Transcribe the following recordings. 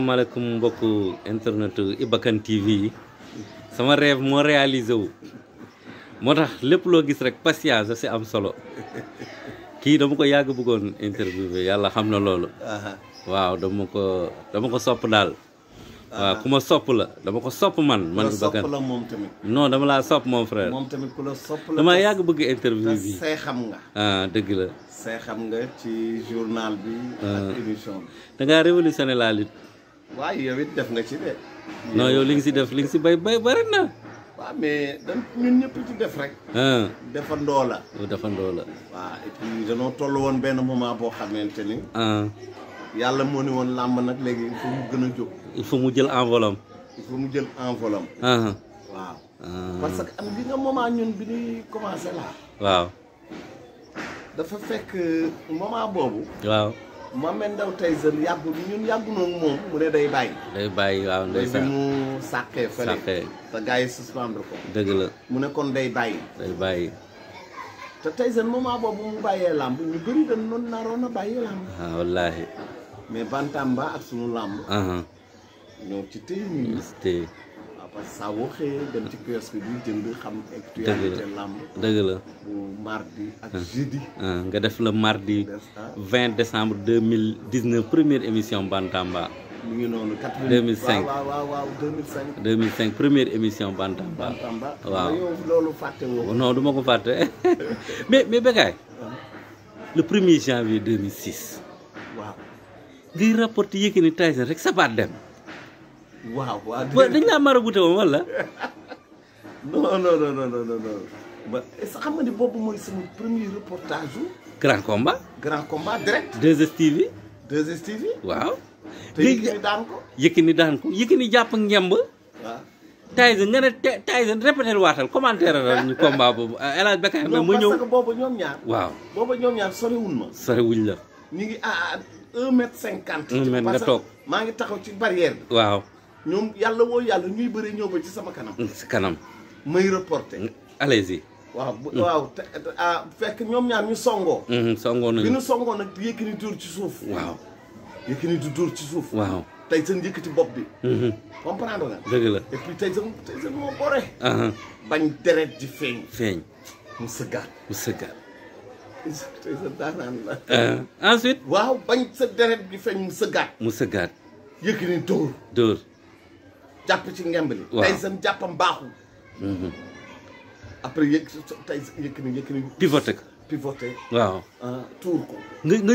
maaleykum mbokk internet Iba bakkan TV yi sama rêve moo réalisé wu moo tax lépp loo gis rek patience si am solo kii dama ko yàgg bëggoon interviewé yàlla xam na loolu waaw dama ko dama ko sopp daal waaw ku ma sopp la dama ko sopp man man Iba Kane la moom tamit non dama laa sopp moom frère tamit ku la sopp la dama yàgg bëgg interview bi say xam nga ah, dëgg la say xam nga ci Why iya, you with def nag si de. non nah, yow iya, li nga si def li nga si bay bay bari na. waaw mais dañ ñun ñëpp ci def rek. defandoo la. defandoo oh, la. waaw et puis danoo toll woon benn moment boo xamante ni. yàlla moo ni woon làmb nag léegi il faut mu gën a jóg. il faut mu jël envolam. il faut mu jël envolam. waaw. Ah. parce que am bi nga moment ñun bi ñuy commencé laa. waaw. dafa fekk moment boobu. waaw. Mohamed Ndao Tyson yàggul ñun yàggunoo moom mu ne day bàyyi. day bàyyi waaw day sa mu sàqee fële. sàqee te gars yi suspendre mu ne kon day bàyyi. day bàyyi. te Tyson moment boobu mu bàyyee làmb ñu bëri dañ noonu naroon a bàyyi làmb. ah wallaahi. mais Bantamba ak sunu làmb. Uh-huh. ñoo ci téye ñu. parce que saa boo xëyee bi jënd xam actualité lamb dëgg la bu mardi ak ah. jeudi ah, nga def la mardi 20 décembre première émission Bantamba mu ngi noonu 2005 waaw waaw waaw 2005. 2005 première émission Bantamba. Bantamba waaw ah, ko fàtte mais mais Bécaye. le premier janvier 2006. waaw. ngay rapporté rek sa baat dem. waaw waaw dañ laa mar a guute woon wala. non non non non non non xam nga ni boobu mooy sama premier reportage wu. grand combat. grand combat direct. 2STV. 2STV. waaw. te Yékini daan ko. Yékini daan ko jàpp ngemb. waaw. Tyson nga ne Tyson répété waatal commentaire boobu euh, El Hadj ñëw parce que boobu ñoom ñaar. waaw boobu ñoom ñaar soriwul ma. soriwuñ la. ñu ngi à un mètre cinquante. un mètre nga toog maa ngi taxaw ci barrière bi. waaw. ñoom yàlla woo yàlla ñuy bëri ñëw ba ci sama kanam. si mm, kanam. may reporté. Mm, allez-y. waaw mm. waaw te ah, fekk ñoom ñaar ñu songoo. Mm-hmm, songoo nañu bi ñu songoo nag Yékini dóor ci suuf. waaw Yékini du dóor ci suuf. waaw que seen yëkkati bopp bi. Mm-hmm. comprendre nga. dëgg la et puis tey seen tey seen moo boore. Uh-huh. bañ deret di feeñ. feeñ mu sëggaat. mu sëggaat. tey seen daanaan la. Uh-huh. ensuite. waaw bañ sa deret di feeñ mu sëggaat. mu sëggaat. Yékini dóor. dóor. jàpp ci ngemb li tey seen jàppam baaxul mhm. après yëg tey yëkk ni yëkk ni pivoté ah, tuur ko nga nga ma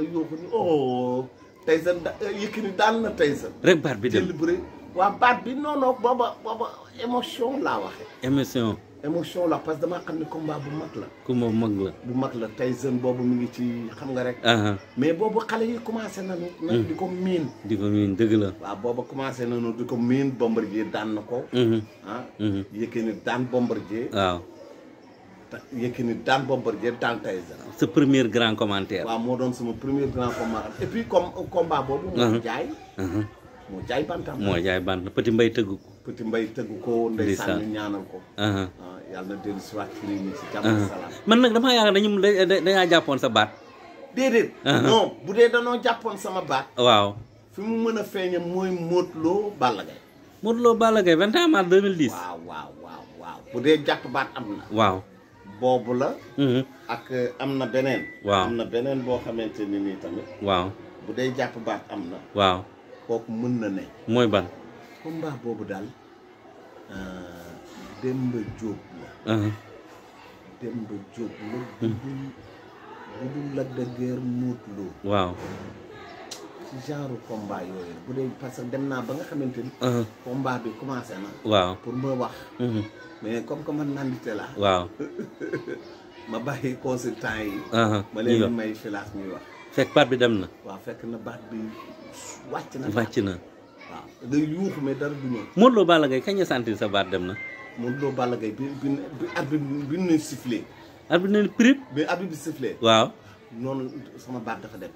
yuuxu ni oh tey seen eh, yëkk na tey seen rek baat bi dem jël waa baat bi noonu booba émotion laa waxe émotion émotion la parce que damaa xam ne combat bu mag la. combat bu mag la. bu mag la tey jeune boobu mu ngi ci xam nga rek. mais boobu xale yi commencé hmm. nañu. di ko miin. di ko miin dëgg la. waaw boobu commencé daan na ko. Hmm. ah. Hmm. Yékini daan Bombardier. waaw. Yékini daan Bombardier daan Tyson. sa premier grand commentaire. waaw moo doon sama premier grand commentaire. et puis comme boobu. mu jaay. moo jaay bantam moo jaay bant petit mbay tëgg ko petit mbay tëgg ko ndeysaan ñu ñaanal ko ah, yàlla na dellu si waat ci réew mi si jàmm salaam man nag damaa yaakaar dañu dañaa jàppoon sa baat déedéet non bu dee danoo jàppoon sama baat waaw fi mu mën a feeña mooy Modou loo Balla Gaye Modou Lo Balla Gaye 21 mars 2010 waaw waaw waaw waaw bu dee jàpp baat am waaw boobu la mhm. ak eh, am na beneen waaw am na beneen boo xamante ni nii tamit waaw bu dee jàpp baat am na waaw kooku mën na ne. mooy ban. combat boobu daal euh, Demba Diop la. Uh-huh. Demba Diop la. bu hmm. dul bu dul waaw. ci genre combat yooyu bu dee parce que dem naa ba nga xamante ni. Uh-huh. combat bi commencé na. waaw pour ma wax. Uh-huh. mais comme que man nandite la. waaw. ma bàyyi consultant yi. ma leen may filaas ñuy wax. fekk baat bi dem na. waaw fekk na baat bi wàcc na. wàcc na waaw day yuuxu mais dara du ñëw. Modou Lo Balla Gaye kañ nga sentir sa baat dem na. Modou Lo Balla Gaye bi bi bi arbitre bi ñu sama baat dafa dem.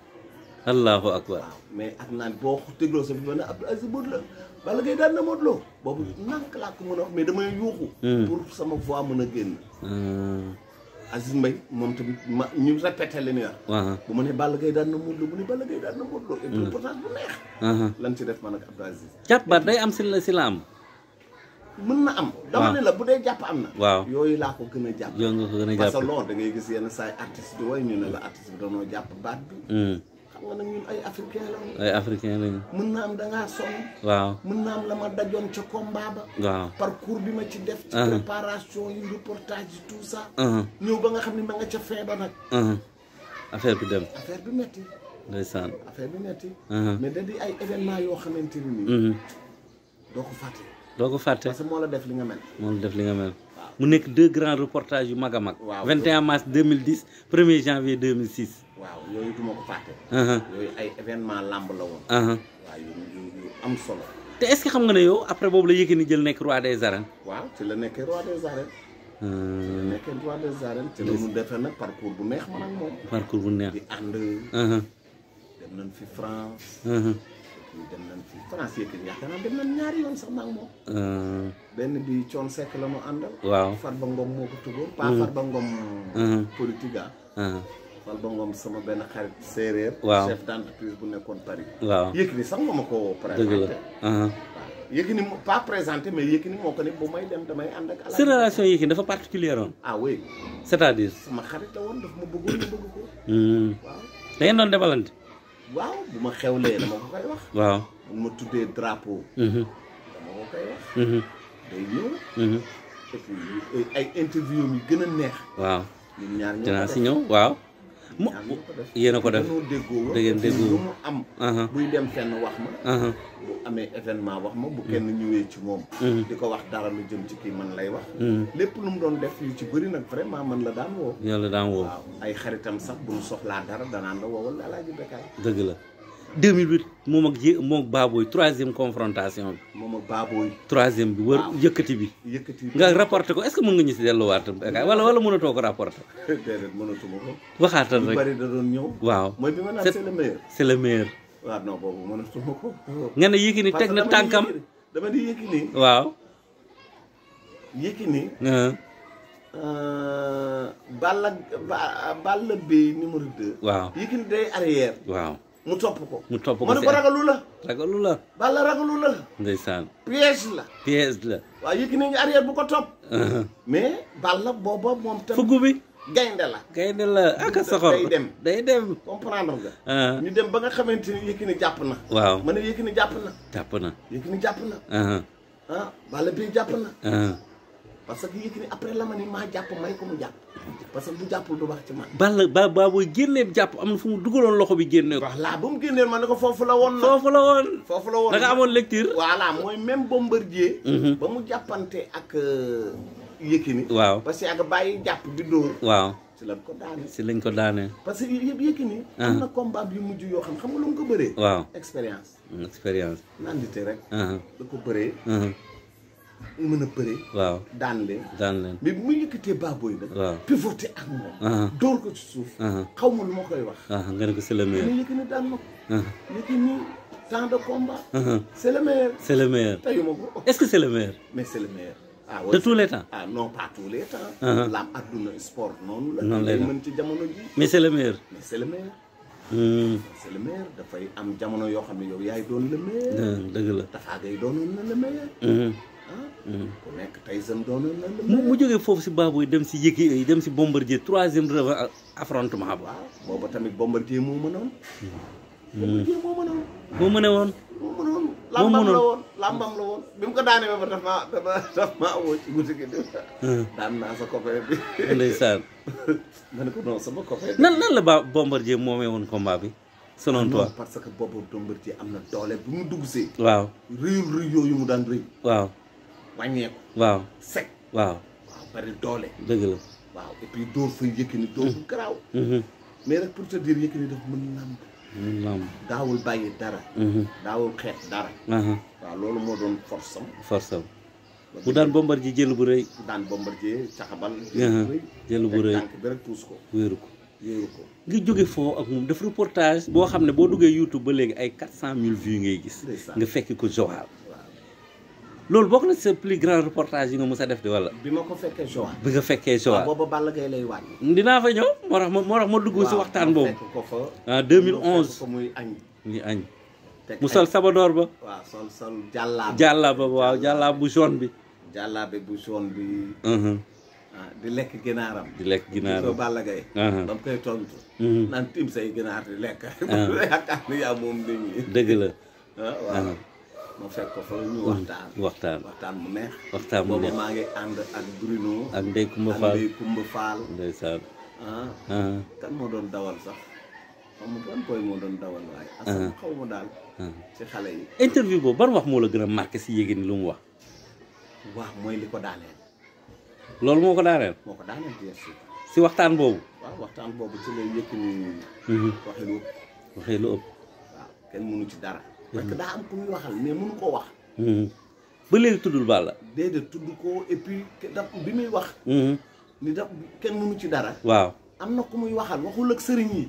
allahu akbar waaw mais ak naan boo tegloo sa bi ba ne Abdou Aziz daan na Modou Lo boobu hmm. nank laa ko mën a wax mais damay yuuxu. Hmm. pour sama voix mën a génn. Hmm. Aziz Mbaye moom tamit ma ñu répété li mu yor. bu ma ne Balla gay daan na Modou Lo bu ne Balla Gaye daan na Modou Lo. et lan ci def man ak Abdou day am si la si la mën na am. dama ne la bu dee jàpp am na. waaw yooyu laa ko gën a jàpp. yooyu nga ko gën a jàpp parce da ngay gis yenn saa yi artistes waaye ñu ne la artiste bi danoo jàpp baat bi. Mm. xam nga ay africain lañu. ay mën naa am da ngaa waaw mën naa am la ma dajoon ca combat ba. waaw parcours bi ma ci def. ci uh-huh. préparation yi reportage yi tout ça. Uh-huh. ñëw ba nga xam ne ma nga ca fin ba nag. Uh-huh. affaire bi dem affaire bi metti. ndeysaan affaire bi metti. mais da di ay événement yoo xamante ni nii. doo ko fàtte. doo ko fàtte parce que moo la def li nga mel. moo la def li nga mel. mu nekk deux grands reportages yu mag a mag. waaw 21 mars 2010 1er janvier 2006. waaw yooyu du ma ko fàtte. Uh-huh. yooyu ay événement làmb la woon. Uh-huh. am solo. te est-ce xam nga ne yow après boobu la Yékini jël nekk roi des arènes. waaw ci la nekkee roi des arènes. ci la uh-huh. nekkee roi des arènes. ci la mu defee nag parcours bu neex man ak moom. parcours bu neex di ànd. dem nañ fi France. yoon sax maa ngi benn bi Thione Seck la mu àndal. waaw Farba Ngom moo ko tëggoon. pas Farba Ngom. politique ah. Balba Ngom sama benn xarit séeréer. waaw chef bu nekkoon Paris. waaw Yékini sax ma ma ko présenté. dëgg la uh-huh. waaw mais Yékini moo ko ne bu may dem damay ànd ak. sa relation Yékini dafa particulière woon. ah oui. c' est à dire. sama xarit la woon dafa ma bëggoon ma bëgg ko. Hmm. waaw da ngeen bu ma xewlee dama ko koy wax. waaw bu ma tuddee drapeau. Hmm. dama ko koy hmm. a neex. waaw ñun ñaar ñoo waaw. mu yéen a ko def da ngeen déggoo lu mu am uh-huh. buy dem fenn wax ma uh-huh. bu amee événement wax ma bu mm-hmm. kenn ñëwee ci moom mm-hmm. di ko wax dara lu jëm ci kii man lay wax mm-hmm. lépp lu mu doon def yu ci bëri nag vraiment man la daan woo la daan woo ay xaritam sax bu nu soxlaa dara danaan la woowal Alaaji Bécaye dëgg la 2008 moom ak jé moom ak Baboy troisième confrontation bi. moom ak Baboy. troisième bi wër ah. yëkkati bi. yëkkati bi nga rapporté ko est-ce que mën nga ñu si delluwaat wala wala mënatoo ko rapporté. déedéet mënatuma ko. waxaatal rek lu bari da doon waaw mooy bi ma naan le meilleur. c'est le meilleur. waaw ah, non boobu mënatuma nga ne Yékini teg na tànkam dama di Yékini. waaw. Yékini. Euh, Balla Balla Balla Beye waaw Yékini day arrière. waaw. mu topp ko mu topp ko ma ne ko ragalu la ragalu la Balla ragalu la la piège la waaw Yékini ngi arrière bu ko topp uh-huh. mais Balla bo moom tam fuggu bi gaynde la gaynde la aka ah, soxor day dem day dem comprendre nga uh-huh. ñu dem ba nga xamante ni Yékini jàpp na waaw ma ne Yékini jàpp na jàpp na Yékini jàpp na uh-huh. ah Balla bii jàpp parce que Yékini après la ma ni maa jàpp may ko mu jàpp parce que bu jàppul du wax ci man. Balla ba booy génnee jàpp am na fu mu dugaloon loxo bi génne ko. voilà ba mu génnee ma ne ko foofu la woon. foofu la woon foofu la woon da nga amoon lecture. voilà mooy mhm. ba mu jàppante ak euh, Yékini. waaw parce que ak bàyyi jàpp bi dóor. waaw. si la ko daane ko daane. parce que yëpp Yékini. Ah. am na combat yu mujj yoo xam xam nga lu mu ko bëree. waaw expérience. Mm, expérience. nandite rek. da ah. ko bëree. Ah. mën a bëre. waaw daan leen. daan leen mais bu ma yëkkatee baaboo yi nag. waaw pivoté ak moom. Uh-huh. dóor ko ci suuf. Uh-huh. xaw ma lu ma koy wax. Uh-huh. nga ne ko c'est le meilleur mais Yékini daan ma ko. Yékini temps de combat. c'est le meilleur. c'est le meilleur tayu ma ko. est-ce que c'est le meilleur. mais c'est le meilleur. ah de tous les temps. ah non pas tous les temps. laam adduna sport noonu la. noonu lay mën ci jamono ji. mais c'est le meilleur. mais c'est le meilleur. Hmm. c'est le meilleur dafay am jamono yoo xam ne yow yaay doon le meilleur. Ah, dëgg la dafaa ngay doonoon na le meilleur. Hmm. Mm-hmm. ku nekk Tyson doon na la. mu jógee foofu si baabu dem si Yékini dem si Bombardier troisième revanche affrontement ba. waaw booba tamit Bombardier moo mënoon. Mm-hmm. Bombardier moo mënoon. moo mëne woon. moo mënoon làmbam la woon làmbam la woon bi mu ko daanee ba daf maa daf maa woo ci guddi gi mm-hmm. daan naa sa copain bi. ndeysaan. ma ko non sama copain bi. nan nan la Bombardier moomee woon combat bi. selon ah toi parce que boobu Bombardier am na doole bu mu dugg waaw rëyul rëy yooyu mu daan rëy. waaw. wàññeeku. waaw sec. waaw waaw bari dëgg la waaw et puis dóor fa Yékini dóor bu mhm. garaaw. Mhm. mais rek pour te dire Yékini dafa daawul bàyyi dara. Mhm. daawul xeet dara. loolu moo doon force am. force am bu daan Bombardier jël bu rëy. daan Bombardier caxabal. jël bu rëy tànk bi rek ko. wéeru ko wéeru ko. nga jóge foo ak moom def reportage. boo xam ne boo duggee YouTube ba léegi ay quatre cent 400000 vues ngay gis. nga fekk ko Joal. loolu bokk na sa plus grand reportage yi nga mës a def di wala. bi ma ko fekkee Joal. bi nga fekkee Joal waaw ah, boobu lay wàññi. dinaa fa ñëw moo tax ma moo ma dugg si waxtaan boobu. waaw ko fa. ah 2011 muy añ. muy añ. mu sol sabadoor ba. waaw sol sol jàllaa. jàllaa ba jàllaa bu jaune bi. jàllaa bi bu bi. Uh-huh. Ah, di lekk ginaaram. di lekk ginaaram soo uh-huh. uh-huh. say ginaar di lekk. yaakaar dëgg la. Ah, ma fekk ko fa ñu mm, waxtaan. waxtaan waxtaan mu neex. waxtaan mu neex boobu maa ngi ànd ak Bruno. ak Ndeye Kumba Fall ak Ndeye Kumba Fall. ndeysaan. Ah. ah. kan moo doon dawal sax. xam nga ban booy moo doon dawal waaye. Ah. askan xaw ma daal. Ah. ci xale yi. interview boobu ban wax moo la gën a marqué si Yékini lu mu wax. wax mooy li ko daaneel. loolu moo ko daaneel. moo ko daaneel bien sûr. si waxtaan boobu. waaw waxtaan boobu ci lay Yékini. Mm-hmm. waxee lu ëpp. waxee lu ëpp. waaw kenn mënu ci dara. parce que daa am ku muy waxal mais mënu koo wax. Hmm. ba léegi tuddul Balla. déedéet tudd ko et puis daf bi muy wax. Hmm. ni daf kenn mënu ci dara. waaw am na ku muy waxal waxul ak sëriñ yi.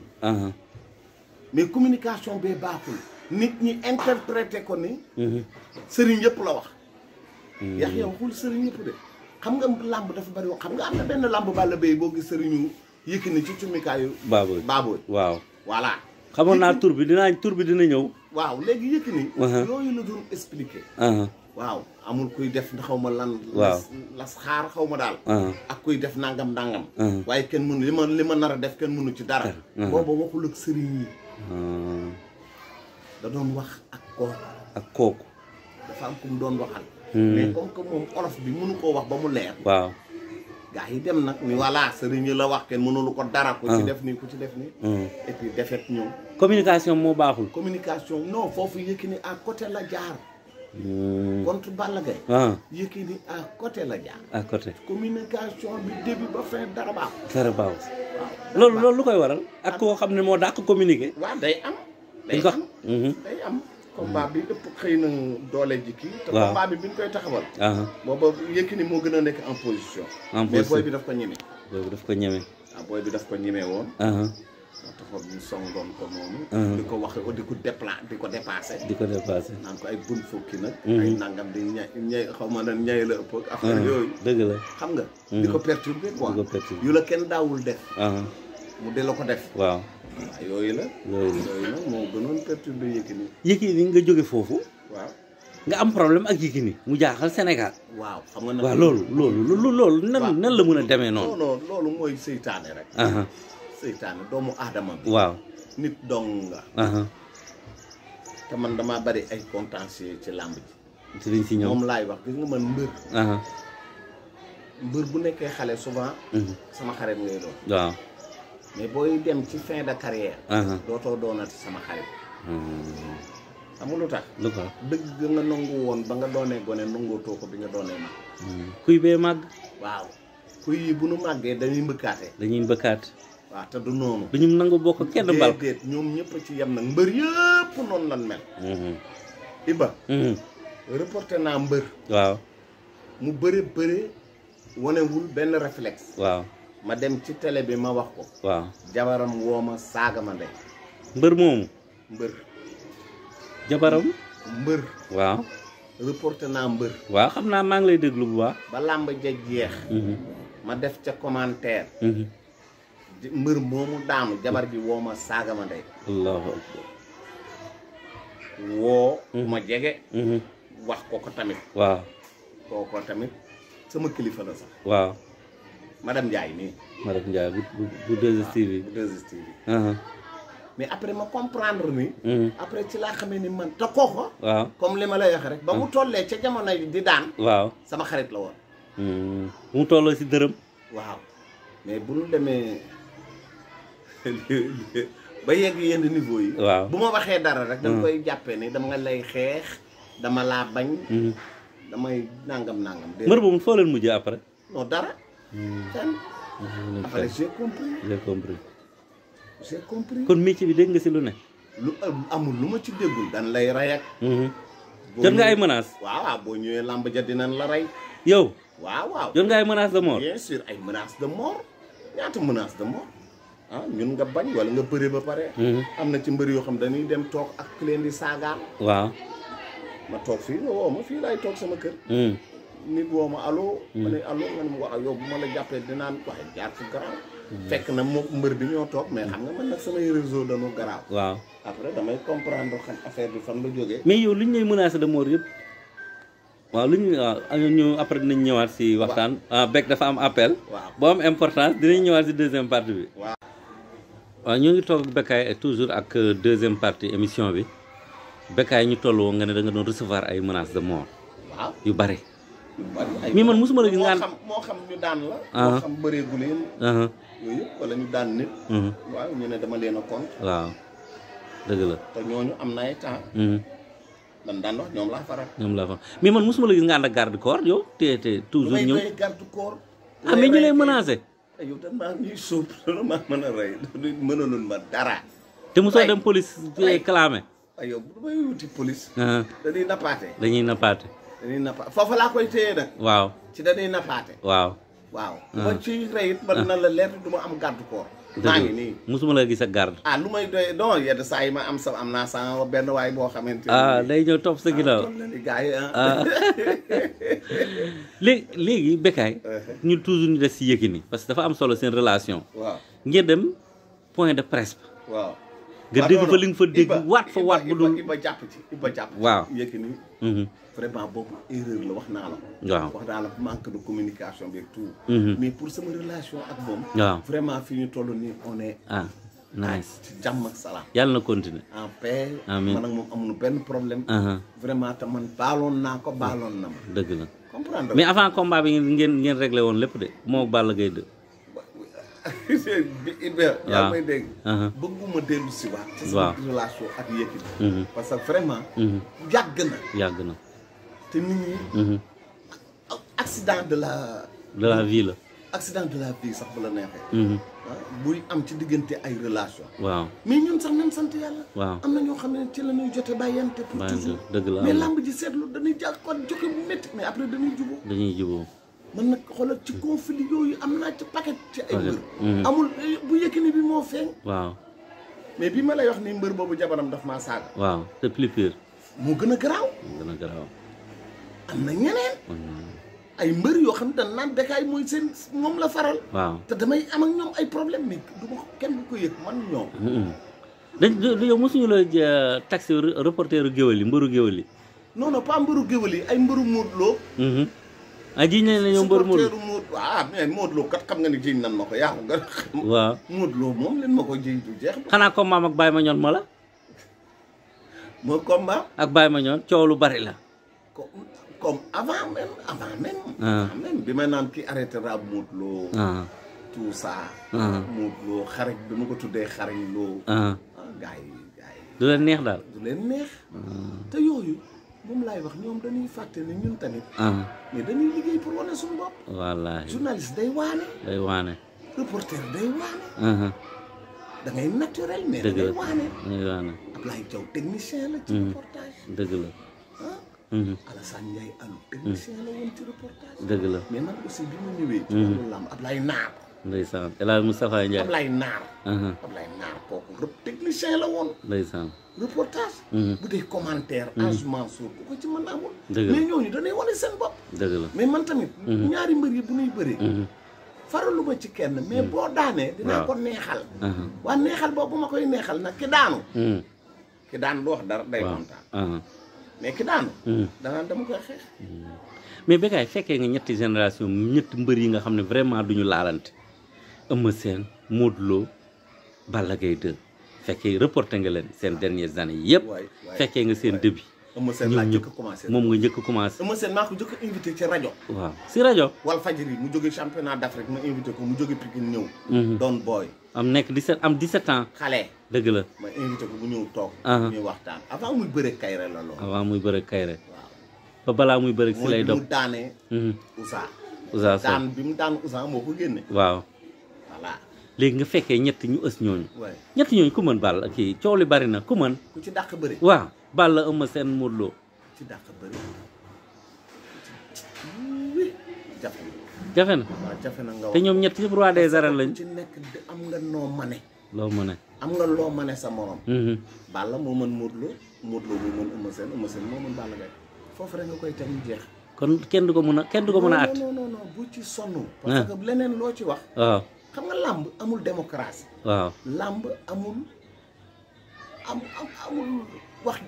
mais communication bee baaxul. nit ñi interprété ko ni. Hmm. sëriñ yëpp la wax. yax ya waxul sëriñ yëpp de xam nga làmb dafa bari wax xam nga am na benn làmb Balla Beye boo gis sëriñu Yékini ci cummikaayu. baabooy baabooy waaw voilà. xamoon naa tur bi dinaa tur bi dina ñëw. waaw léegi Yékini. yooyu la doon expliqué. waaw amul kuy def xaw ma lan. waaw las xaar xaw ma daal. ak kuy def nangam nangam. waaye kenn mënu li ma li ma nar a def kenn mënu ci dara. booba waxul ak sëriñ da doon wax ak kooku. dafa am ku mu doon waxal. Hmm. mais comme que moom olof bi mënu koo wax ba mu leer. waaw. gaa yi dem nag mi voilà sëriñ la wax kenn mënul ko dara. ku ci ah. def nii ku ci def nii. Hmm. et puis defet ñëw. communication moo baaxul. communication noo foofu Yékini a côté la jaar. contre Balla Gaye. Yékini à côté la hmm. ah. côté communication bi début ba fin dara baaxul. dara loolu loolu lu koy waral. ak koo xam ne moo dàq communiquer. waaw day am. Hmm. day am day combat bi ëpp xëy na doole ji kii. te combat bi bi ñu koy taxawal. Ah. booba ni moo gën a nekk en position. en position mais booy bi daf ko ñeme. booy ah, bi daf ko ñeme. woon booy bi daf ko ñeme woon. moo taxoon ñu ko noonu. Ah. di ko wax di ko di ko dépassé. di ko dépassé naan ko ay bun fukki nag. Mm-hmm. ay nangam di ña ñay xaw ma nan la ëpp ak. affaire yooyu dëgg la xam nga. di mm-hmm. ko perturbé quoi. di ko perturbé yu la kenn daawul def. mu de la ko def waaw. waaw yooyu la. yooyu la yooyu la moo gënoon perturbé Yékini. Yékini nga jóge foofu. waaw. nga am problème ak Yékini mu jaaxal senegal waaw xam nga loolu loolu loolu nan la mën a demee noonu. loolu mooy seytaane rek. seytaane doomu aadama bi. waaw nit dong nga. te man damaa bari ay contentieux ci làmb ji. dinañ ñëw moom laay wax gis nga mbër. bu nekkee xale souvent. Mhm. sama xarit ngay doon. waaw. mais booy dem ci fin de carrière. Uh-huh. dootoo doonati sama xarit. Uh-huh. xam nga tax. lu tax dëgg nga nangu woon ba nga doonee gone nangootoo ko bi nga doonee mag. Uh-huh. kuy bee màgg. waaw kuy bu nu màggee dañuy mbëkkaate. dañuy mbëkkaat. waaw te du noonu. du ñu nangu bokk kenn mbal ñoom ñëpp ci yem na mbër yëpp noonu lan mel. Iba. reporté naa mbër. waaw mu bëre bëre wanewul benn réflexe. waaw. ma dem ci télé bi ma wax ko. waaw jabaram woma saga ma day mbeur mom mbeur jabaram. mbeur waaw. reporté na mbeur waaw xamna ma ngi lay deglu bu ba ba lamb je jeex. Mhm. ma def ci commentaire. Mhm. mbeur momu daanu jabar bi woma saga ma day allah wo mhm. ma jege. wax ko ko tamit. waaw. ko ko tamit sama kilifa la sax. waaw. ma Ndiaye mii. madame Ndiaye bu bu bu 2STV. bu 2 uh-huh. mais après ma comprendre ni. Mm-hmm. après ci laa xamee ni man te kooku. waaw comme li ma lay wax rek. ba mu mm-hmm. tollee ca jamono yi di daan. waaw sama xarit la woon. Mm-hmm. mu tolloo si dërëm. waaw mais bu ñu demee ba yegg yenn niveau yi. waaw bu ma waxee dara rek. dañ koy jàppee ni dama nga lay xeex dama laa bañ. damay nangam nangam. mër mu foo leen mujjee après. non dara. après j'ai compris j'ai compris bi dégg nga si lu ne lu amul lu ma ci déggul dan lay rey ak mhm. jot nga ay menaces boo ñëwee làmb ja na la rey yow waaw waaw jot nga ay menaces de mort ay menaces de mort ñaata menace de mort ah, ñun nga bañ wala nga bëre ba pare mhm. am na ci mbër yoo xam dañuy dem toog ak ku leen di saagaal waaw ma toog fii nga woo ma fii laay toog sama kër mhm. nit wo ma allo. mané allo ngén mo ak yow buma la jappé dina dinaan waaye jaar fu garaaw. fekk na mo mbeur bi ñoo tok mais xam nga man nak sama réseau da no garaaw. waaw après damay comprendre xam affaire bi fan la joggé mais yow luñ lay menacé de mort yépp waaw luñ ñu après dinañ ñëwaat ci waxtaan. ah Bek dafa am appel. bo am importance dinañ ñëwaat ci deuxième partie bi. waaw. Ah, ñu ñoo ngi toog Bécaye eh, toujours ak eh, deuxième partie émission bi Bécaye ñu tollu nga ne da nga doon recevoir ay menaces de mort. waaw yu bari mais man mosuma la gis nga xam moo xam ñu daan la ah. moo xam bëreegu leen ah. yooyu yëpp wala ñu daan nit mhm. waaw a compte la te ñooñu am na ay temps mhm. daan wax ñoom laa ñoom laa mais man mosuma la gis nga ànd ak garde corps yow te te toujours ñëw garde corps ah mais ñu lay menacé a rey te mosoo dem police eh, clamé yow bu may wuti ah. dañuy nappaate dañuy nappa foofu laa waaw ci dañuy nappaate. waaw waaw. ma ah. ciy rey it man la leer du am garde corps. maa ngi nii musuma la gis ak garde. ah lu may doy non yenn saa ma am sa am naa sa benn waay boo xamante ne. ah day ñëw topp sa ah, ginnaaw ah, ah. léegi léegi Bécaye uh-huh. ñu toujours ñu des si Yékini parce que dafa am solo seen relation. waaw ngeen point de presse. waaw. nga dégg fa li nga fa dégg waat fa waat bu dul Iba jàpp ci Iba jàpp ci waaw Yékini mhm. vraiment boobu erreur la wax naa la waaw wax naa la manque de communication bi ak tout mhm. mais pour sama relation ak moom waaw vraiment fi ñu toll nii on est ah nice ci jàmm ak salaam yàlla na continuer en paix amiin man ak moom amuñu benn problème uh-huh. vraiment te man baaloon naa ko baaloon na ma dëgg la comprendre mais avant combat bi ngeen ngeen réglé woon lépp de moo Balla Gaye 2 Iber yaa may dégg uh-huh. bëgguma dellu si waat ci sama relation ak Yékini mm-hmm. parce que vraiment mm-hmm. yàgg na yàgg na te nit ñi mm-hmm. accident de la de la vie la accident de la vie sax bu la neexee ah, buy am ci diggante ay relation waaw mais ñun sax nañ sant yàlla waaw am na ñoo xam ne ci la ñuy jote bàyyante pour toujours dëgg la mais làmb ji seetlu dañuy jàkkoon joxe bu métti mais après dañuy juboo dañuy juboo man nag xoolal ci conflit yooyu am naa ci pakket ci ay mbër mhm. amul eh, bu nii bi moo feeñ waaw mais bii ma lay wax ni mbër boobu jabaram daf maa saaga waaw c'est plus moo gën a garaaw moo gën am na ñeneen mhm. ay mbër yoo xam ne dañ naan dakaay mooy seen moom la faral waaw te damay am ak ñoom ay problème mais du kenn du ko yëg man ñoom mhm. dañ yow mosuñu la taxi reporteru géwél yi mbëru géwél yi non non pas mbëru géwél yi ay mbëru Modou loo ah jiñ nañ la yow mbër Modou ah mais kat xam nga ni jiñ nan ma ko yaa ko gën a xam. waaw Modou Lo moom leen ma ko jiñ du jeex. xanaa combat ak Baye Mandione ma la. mooy combat. ak Baye Mandione coow lu bari la. comme ah. avant même bi ma naan kii arrêtera Modou Lo. Ah. tout ah. Lo xarit bi ma ko tuddee xarit Lo. du leen neex daal. du leen neex. te yooyu. moom laay wax ñoom dañuy fàtte ne ñun tamit. Ah. mais dañuy liggéey pour wane suñu bopp. wallaahi journaliste day waane. day waane. reporter day waane. da ngay naturel mais da waane. dëgg la Ablaye Diaw technicien reportage dëgg la. Ah. man aussi bi mu ñëwee. ci wàllu làmb Ablaye Naar. ndeysaan El Hadj Moustapha Ndiaye Ablaye Naar uh-huh. Ablaye Naar kooku rëb technicien la woon ndeysaan reportage uh-huh. bu dee commentaire uh-huh. yi bu ñuy bëree ma ci kenn mais boo daanee dinaa ko neexal waa neexal boobu ma koy neexal nag ki daanu ki wax dara day kontaan mais ki daanu danaan dama fekkee nga ñetti génération ñetti mbër yi nga xam ne vraiment duñu laalante Eumeu Sène Modou Lo Balla Gaye 2 fekkee reporté nga leen seen dernières années yëpp fekkee nga seen début Eumeu Sène laa njëkk a commencé moom nga njëkk a commencé Eumeu Sène maa ko njëkk a invité rajo si rajo wal fajiri mu jóge championnat d'Afrique ma invité ko mu jóge Pikine ñëw mhm. doon booy am nekk 17 am 17 ans xale la ma invité ko bu ñëw toog ah. ñuy waxtaan avant muy bëre kayre la loolu avant muy kayre ba balaa muy bëre si lay doon mu daanee mhm. Ousa Ousa daan bi mu daan Ousa léegi nga fekkee ñett ñu ës ñooñu. ñett ñooñu ku mën Balla kii coow li bari na ku mën. ku ci dàq bëri. waaw Balla Eumeu Sène Modou Lô. ci dàq bëri. jafe na. jafe na te ñoom ñett yëpp roi des arènes lañ. ci nekk am nga noo mane. loo mane. am nga loo mane sa morom. Mm-hmm. Balla moo mën Modou Lô Modou Lô moo mën Eumeu moo mën Balla Gaye foofu rek nga koy teg mu jeex. kon kenn du ko mën a kenn du ko mën at. bu ci sonn. Ah. parce que leneen loo ci wax. Ah. xam nga làmb amul démocratie. waaw làmb amul am amul wax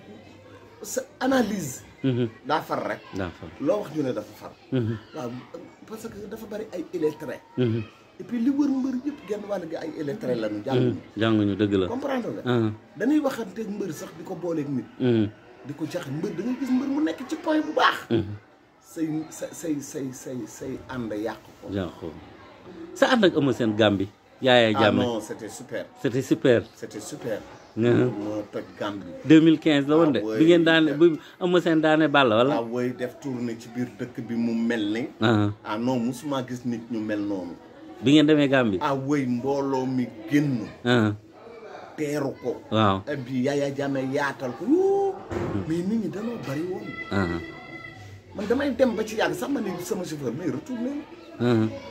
sa analyse. Mhm. daa far rek. daa loo wax ñu ne dafa far. Mhm. waaw parce que dafa bari ay illettré. Mhm. et li wër mbër yëpp genn wàll gi ay illettré lañu. jànguñu jànguñu dëgg la comprendre nga. dañuy waxanteeg mbër sax di ko booleeg nit. di ko jax mbër da gis mbër mu nekk ci point bu baax. say say say say say ànd yàq ko. sa ànd ak Eumeu Sène Gambie. Yaya ah Jammeh ah non c'était super. c'était super. c'était super. moo la woon de ah bi ngeen daane bi daane Balla wala. waaw booy na tournée ci biir dëkk bi mu mel ni. Ah. ah non musuma gis nit ñu mel noonu. bi ngeen demee Gambie. ah woy mbooloo mi génn. teeru ko. waaw et puis yaatal ko yoo. mais nit ñi dañoo bari woon. man damay dem ba ci yàgg sax ma ne sama chauffeur may retourné.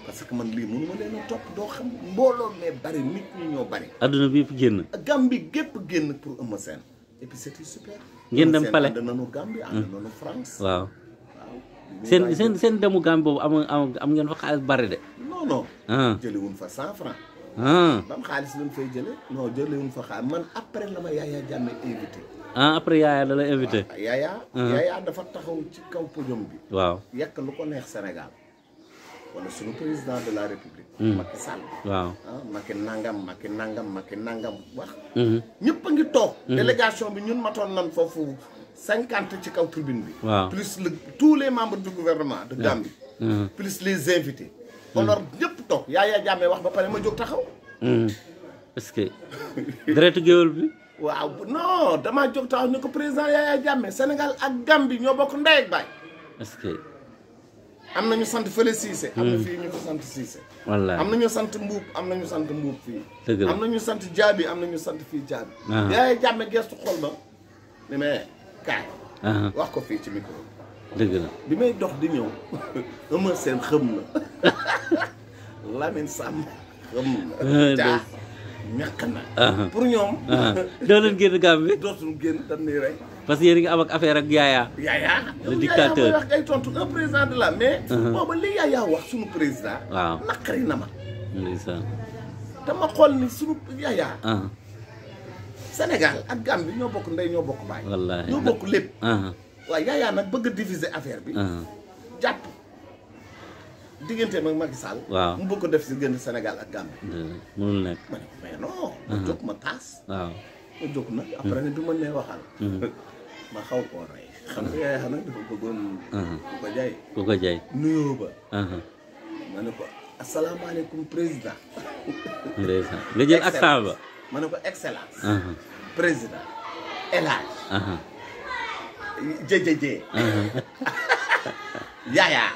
parce que man lii mënu ma leen a topp doo xam mbooloo mais bari nit ñi ñoo bari. adduna bi yëpp génn. Gambie gépp génn pour Eumeu Sène et puis c'était super. ngeen dem Palais ànd nañu Gambie ànd mmh. waaw seen seen demu Gambie boobu am am ngeen fa xaalis bari de. non mmh. fa cent franc. Mmh. xaalis lañ fay jële non jëliwuñ fa xaalis man après la ma Yaya Jammeh invité. ah après Yaya da invité. waaw dafa taxaw ci kaw podium bi. waaw yekk ko neex Sénégal. wala suñu président de la république. Hmm. Macky Sall. waaw ah Macky nangam Macky nangam Macky nangam wax. Hmm. ñëpp a ngi toog. Hmm. délégation bi ñun matoon nañ foofu cinquante ci kaw tribune bi. plus la tous les membres du gouvernement de Gambie. plus les invités. alors ñëpp toog Yaya Jammeh wax ba pare ma jog taxaw. est que deretu géwél bi. waaw non damaa jóg taxaw ne ko président Yaya Jammeh Sénégal ak Gambie ñoo bokk ndey ak baay. am na ñu sant fële Cissé. am na hmm. ñu sant Cissé. wallaay am na sant Mbuub am na ñu sant Mbuub fii. dëgg la am na ñu sant Jaabi am na ñu sant fii Jaabi. yaay jàmme gestu xol ma ni eh, mais kaay. wax ko fii ci micro bi. dëgg la bi may dox di ñëw Eumeu Sène xëm na Lamine Samb xëm na. caa ah, ñàkk na. pour ñoom. doo génn gàmm bi. dootul génn dañ nii rek. parce que yéen a am ak affaire ak Yaya. Yaya le dictateur Yaya wax ay tontu un président de la mais. bobu li Yaya wax sunu président. waaw naqari na ma. dama xol ni sunu Yaya. Sénégal ak Gambie ñoo bokk ndey ñoo bokk baay. wallaahi ñoo bokk lépp. Uh-huh. wa Yaya nak bëgg diviser affaire bi. Uh-huh. japp digënté mak Macky Sall. mu bëgg def ci gënd Sénégal ak Gambie. mënul nekk ma mais non. ma uh-huh. ma tass waaw jokna après ne waxal. ma xaw koo rey xam nga yaay xam nag dafa bëggoon uh-huh. ku ko jaay ku ko jaay nuyoo uh-huh. ma ne ko asalaamaaleykum président ndeysaan nga jël accent ba ma ne ko excellence uh-huh. président El Hadj jëjëjee yaayaa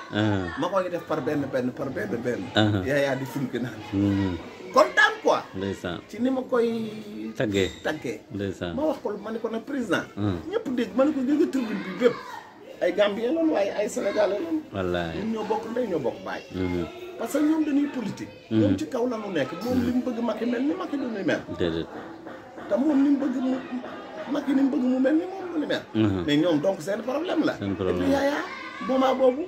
ma koy def par benn benn par benn benn yaayaa di funki naan mm-hmm. kontaan quoi. ndeysaan ci ni ma koy. taggee taggee. ndeysaan ma wax ko ma ne ko nag président. Ah. ñëpp dégg ma ne ko jóge tribune bi bépp. ay Gambien loolu waaye ay Sénégalais loolu. wallaay ñun ñoo bokk ndey ñoo bokk baay. Mhm. parce que ñoom dañuy politique. Mhm. ñoom ci kaw la nekk moom li bëgg Macky mel ni Macky du ni mel. déedéet te moom li mu bëgg mu me ni mu bëgg mu mel ni moom du ni mel. Mhm. mais ñoom donc seen problème la. seen problème la et puis yaayaa moment boobu.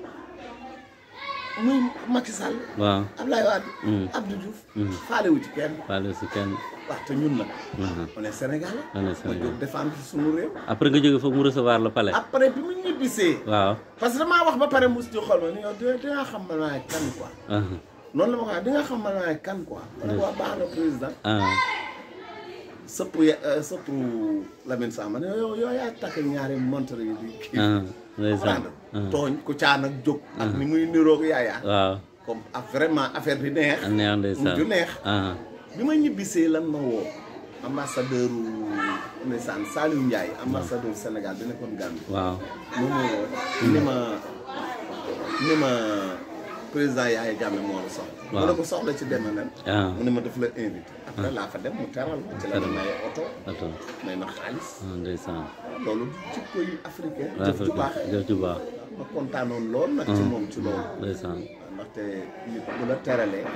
muy Macky Sall. waaw Abdoulaye Wade. Mm. Abdou Diouf. Mm. faale wu ci kenn. faale wu ci kenn. waaw te ñun nag. on est Sénégal. on est Sénégal ma jóg défendre suñu réew. après nga jógee foofu mu recevoir le a après bi mu ñibbisee. waaw parce que damaa wax ba pare mu si xool ma ni yow di nga xam man maay kan quoi. noonu la ma ko waxee di nga xam man maay kan quoi. ma ne ko baax na président. sëpp ya sëpp Lamine Samba ne yow yow yaa takk ñaari montre yi di kii. Ah. tooñ ku caa nag ah. ak ni muy niroog yaayaa waaw comme vraiment affaire bi neex ju ah, neex bi ma ñibbisee lan ma woo ambassadeur ndeysaan Saliou Ndiaye ambassadeur Sénégal bi nekkoon Gambie waaw moom ma woo ni ma ni ma président Yaya Jammeh moo la soxla. waaw mu ne ko soxla ci demee nen. Ah. mu ne ma daf la invité. Ah. après laa fa dem mu teral ma ci la ma maye oto. may ma xaalis. Ah, loolu jikko yu africain. baax jëf ju baax. ma kontaanoon lool nag. ci moom ci loolu. ndeysaan. ndaxte nit la teralee.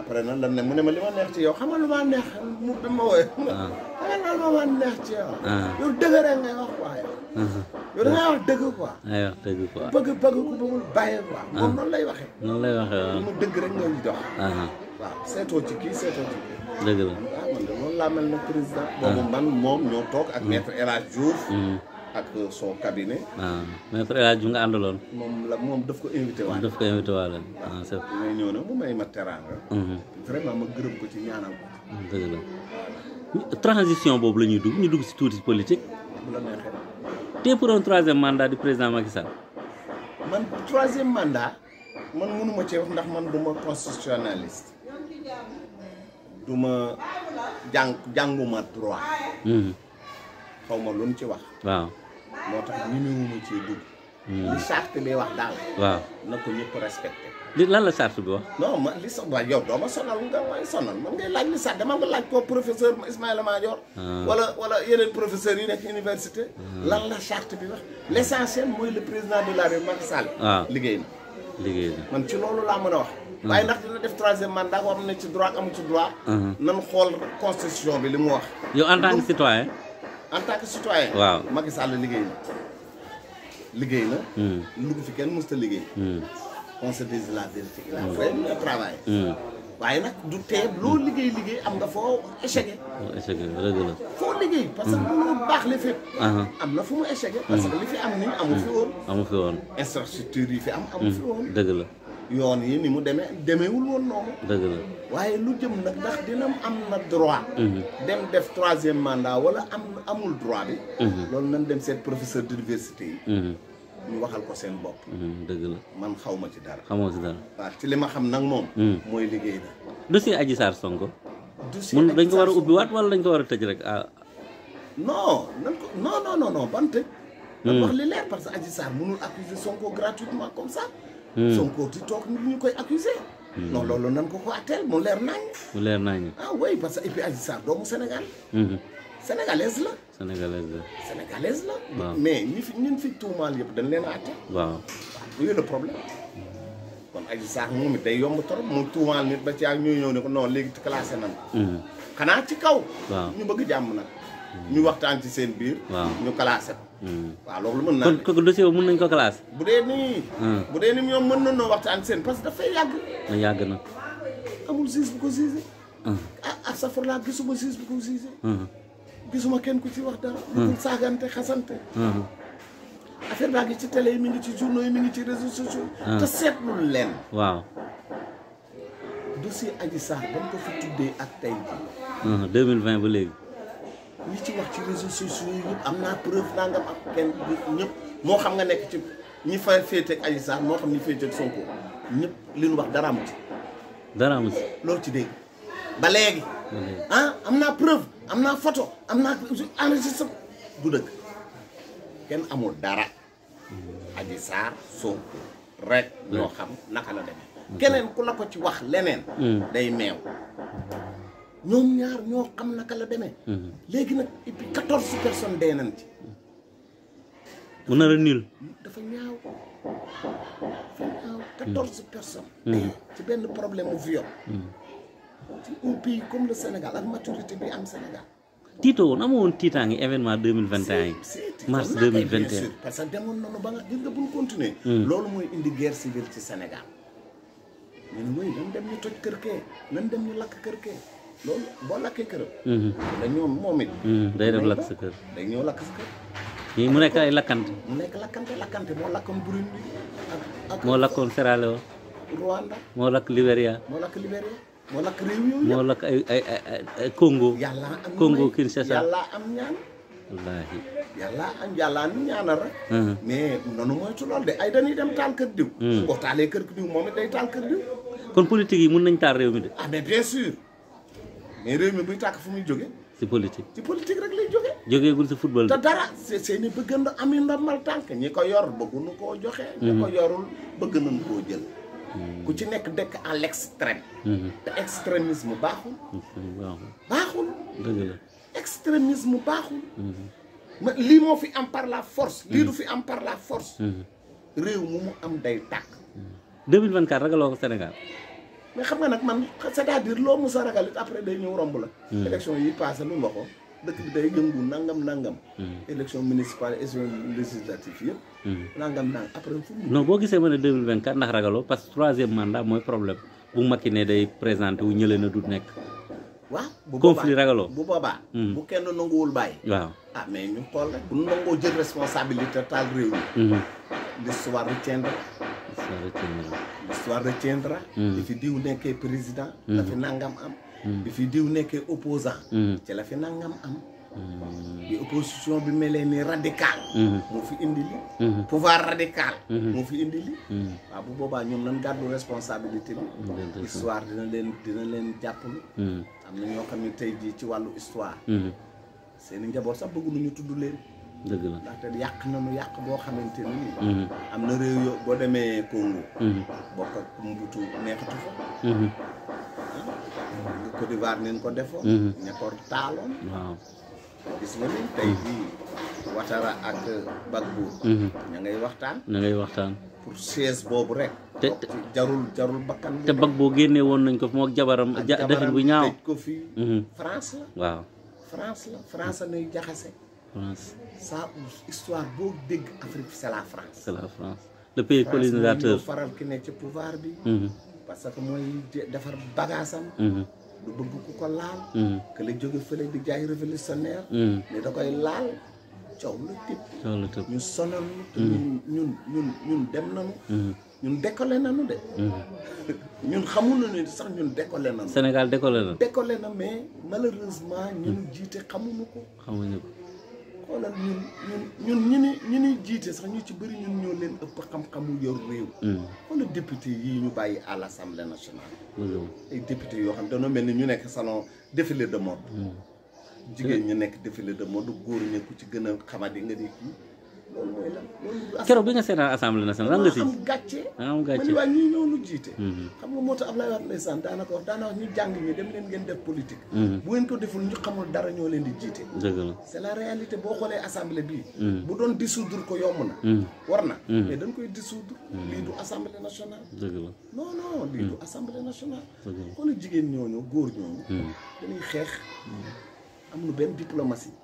après na la ne mu ne ma li ma neex ci yow xamal lu ma neex mu bi ma wooyee. Ah. xamal lu ma ci yow. Ah. yow dëgg rek ngay wax waaye. Ah. yow da ngay wax dëgg quoi. ngay wax dëgg quoi. mu dëgg rek ngay dox. waaw seetoo ci kii seetoo ci kii. dëgg la waaw man de loolu laa mel ne président. boobu man moom ñoo toog ak mm. maître El ak so cabinet waaw ah, mais frère Hadj nga àndaloon moom la moom daf ko invité waale daf ko invité waale waaw ah, c'est mais ñëw na mu may ma teranga mhm. vraiment ma gërëm ko ci ñaanal ko mm, dëgg la transition boobu la dugg ñu dugg si tuuti politique ah, bu la neexee te pour un troisième mandat du président Macky Sall man troisième mandat man mënuma ci wax ndax man du ma constitutionnaliste du ma jàng jànguma droit mhm. xaw ma lu ci wax waaw moo tax ñemewuma ci dugg hmm. li charte bi wax daal waaw na ko ñëpp respecté li lan la charte bi wax non ma li sax waaye yow doo ma sonal nga may sonal man ngay laaj li sax dama nga laaj ko professeur Ismaïla Madior ah. wala wala yeneen professeurs yi nekk université ah. lan la charte bi wax l' essentiel mooy le président de la République Macky Sall ah. liggéey na liggéey na man ci loolu laa mën a wax waaye ndax dina def troisième mandat war na ci droit am ci droit nan xool constitution bi li mu wax yow en tant que citoyen en tant que citoyen. waaw Macky liggéey na. liggéey hmm. fi kenn mosut a liggéey. Hmm. on se dise la vérité. Hmm. il liggéey am nga foo échecgé. foo foo liggéey parce que mënoo baax li fépp. Uh-huh. am na fu mu échecgé. parce que li fi am nii amu fi woon. amu fi yi fi am amu fi yoon yi ni mu demee demeewul woon noonu. dëgg la waaye lu jëm nag ndax dina am na droit. Mhm. dem def troisième mandat wala am amul droit bi. Mhm. loolu nañ dem seet professeur d'université yi. Mhm. ñu waxal ko seen bopp. dëgg la man xaw ma ci dara. xamoo ci dara waaw ci li ma xam nag moom. mooy liggéey bi. dossier Adji Sarr Sonko. dossier mun dañ ko war a ubbiwaat wala dañ ko war a tëj rek ah. non nan ko non non tëj. dañ wax li leer parce que Adji Sarr mënul Sonko gratuitement Hmm. Sonko di toog nit ñu koy accusé hmm. non loolu nan ko ko atteel mu leer nañ mu leer nañ ah oui parce que et puis Adji Sarr doomu Sénégal hmm. sénégalaise la sénégalaise la sénégalaise la waaw mais ñi fi ñun fi tuumaal yëpp dañ leen a atte waaw yooyu le problème kon Adji Sarr moom it day yomb trop mu tuumaal nit ba ci ak ñuy ñëw ne ko non léegi classé nan xanaa ci kaw ñu bëgg jàmm nag ñu waxtaan ci seen biir ñu classé ko Mm. waaw loolu mën naa kon nañ ko classé. bu dee nii. Mm. bu dee nii ñoom mën noo waxtaan seen parce que dafay yàgg. na yàgg na. amul juge bu ko jugé. Mm. ah ah safar laa gisuma kenn ku ci wax dara. lu dul saagante xasante. affaire baa ngi ci télé yi mi ngi ci journaux yi mi ngi ci réseaux sociaux. te seetlu leen. waaw. dossier Adji Sarr ba mu ko fi tuddee ak tey jii. 2020 ba léegi. ñi ci wax ci réseaux sociaux yi Je preuve nangam ak kenn des moo xam nga nekk ci ñi fa des ak je Sarr moo xam des Sonko Ñep li ñu wax dara ci. ci ba légui. Ah, preuve amna photo des enregistrement du kenn amul dara. Sonko rek. xam naka la des ku ci wax mm. day ñom ñaar ño xam naka la démé mhm. légui nak et puis quatorze personnes dee nañ ci. mu na renil dafa ñaaw 14 mhm. personnes. Mhm. ci benn problème mu viol. ci un pays comme le Sénégal ak maturité bi am Sénégal. Tito, woon amoo woon tiitaangi événement deux mille mars 2021. mille vingt parce que demoon nañu ba nga nga bu continuer. loolu mooy indi guerre civile ci Sénégal. ñu ne mooy dem ñu toj kër dem ñu kër loolu boo lakkee këram. Mhm. dañ ñëw moom it. Mhm, day def lakk sa kër day ñëw lakk sa kër. mu nekk ay lakkante. mu nekk lakkante lakkante moo lakkoon Burundi ak ak. moo lakkoon Sierra moo lakk Libéria. moo lakk Libéria moo lakk réew yooyu moo lakk ay am Congo Kinshasa yàlla am ñaan. wallaahi. yàlla am am ñaanal mhm. mais noonu mooy ci loolu de ay dañuy dem taal kër diw. boo taalee kër diw moom it day taal kër diw. kon politique yi mun nañ taal réew mi de. Ah, mais réew mi buy tàkk fu muy jóge ci politique ci politique rek lay jóge jógeegul ci football te dara seeni bëgg na am i ndombal ñi ko yor bëgguñu koo joxe ñi ko mm-hmm. yorul bëgg nañu koo jël mm-hmm. ku ci nekk dekk à l'extrême mm-hmm. te extrémisme baaxul baaxul dëgg la extrémisme baaxul ma lii moo fi am par la force lii du fi am par la force réew mu mu am day tàkk 2024 ragaloo ko Sénégal mais xam nga nag man c'est-à-dire loo mos a ragal après day ñëw romb la. Hmm. élection yi passé lu ma ko. dëkk bi day yëngu nangam nangam. Hmm. élection municipale élection législative yëpp. Hmm. nangam nangam après. non boo gisee ma ne 2024 ndax ragaloo parce que troisième mandat mooy problème bu Macky ne day présenté wu ñële na du nekk. waaw bu boobaa conflit ragaloo bu boobaa. Hmm. bu kenn nanguwul bàyyi. waaw ah mais ñu xool rek bu nangoo jël responsabilité taal réew mi. Hmm. l'histoire retiendra. l'histoire retiendra. l'histoire retiendra. Hmm. bi fi diw nekkee président. la fi nangam am. bi fi diw nekkee opposant ci la fi nangam am. bi opposition bi melee ni radical. moo fi indi li pouvoir radical. moo fi indi li ah, bu boobaa ñoom nan gàddu responsabilité bi. histoire dina di dina leen jàppale. am na ñoo xam ne tey jii ci wàllu histoire. Mhm. seen i njaboot sax bëgg lu ñu tudd leen. dëgg la ndaxte yàq nañu yàq boo xamante ni nii. Mhm. am na réew yo boo demee Congo. Mhm. bokk ak Mobutu neexatu fa. Côte d'Ivoire nañ ko defoo. ne ko taaloon. waaw gis nga tey jii. Watara ak Bagbo. Mhm. ña ngay waxtaan. ña ngay waxtaan. pour chaise boobu rek. te jarul jarul bakkan. te boo génne woon nañ ko fi moog jabaram. ak bu ñaaw ko fii. Mhm. France la. waaw France la France nuy jaxase. France saa histoire boo dégg Afrique c'est la France. le pays colonisateur France faral ki ne ci pouvoir bi. Mhm. parce que mooy defar bagaasam. du bëgg ku ko laal. que la jóge fële di jaay révolutionnaire. ne da koy laal. coow la tëb coow la tëb ñu sonal mm. ñun ñun ñun dem nañu mm. ñun décollé nañu de mm. ñun xamul ne sax ñun décollé nañu Sénégal décollé na décollé na mais malheureusement ñu nu jiite xamuñu ko xamuñu ko xoolal ñun ñun ñu ni ñu ni jiite sax ñu ci bëri ñun ñoo leen ëpp xam-xamu yow réew xoolal député yi ñu bàyyi à l'Assemblée nationale ay député yoo xam dañoo mel ni ñu nekk salon défilé de mode jigéen ñu nekk défilé de mode góor ña ku ci gën a xamadi nga di kii loolu mooy lan loolu keroog bi nga seetaan assemblée nationale lan nga si am ah, am gàcce man waa ñuy noonu jiite mhm. jàng ñi dem leen ngeen def politique mhm. bu ngeen ko deful ñu xamul dara ñoo leen di jiite la c'est la réalité boo xoolee assemblée bii mhm. bu doon dissoudre ko yomb na war na mais dañ du assemblée nationale dëgg la non non lii du jigéen ñooñu góor ñooñu dañuy xeex amul benn diplomatie.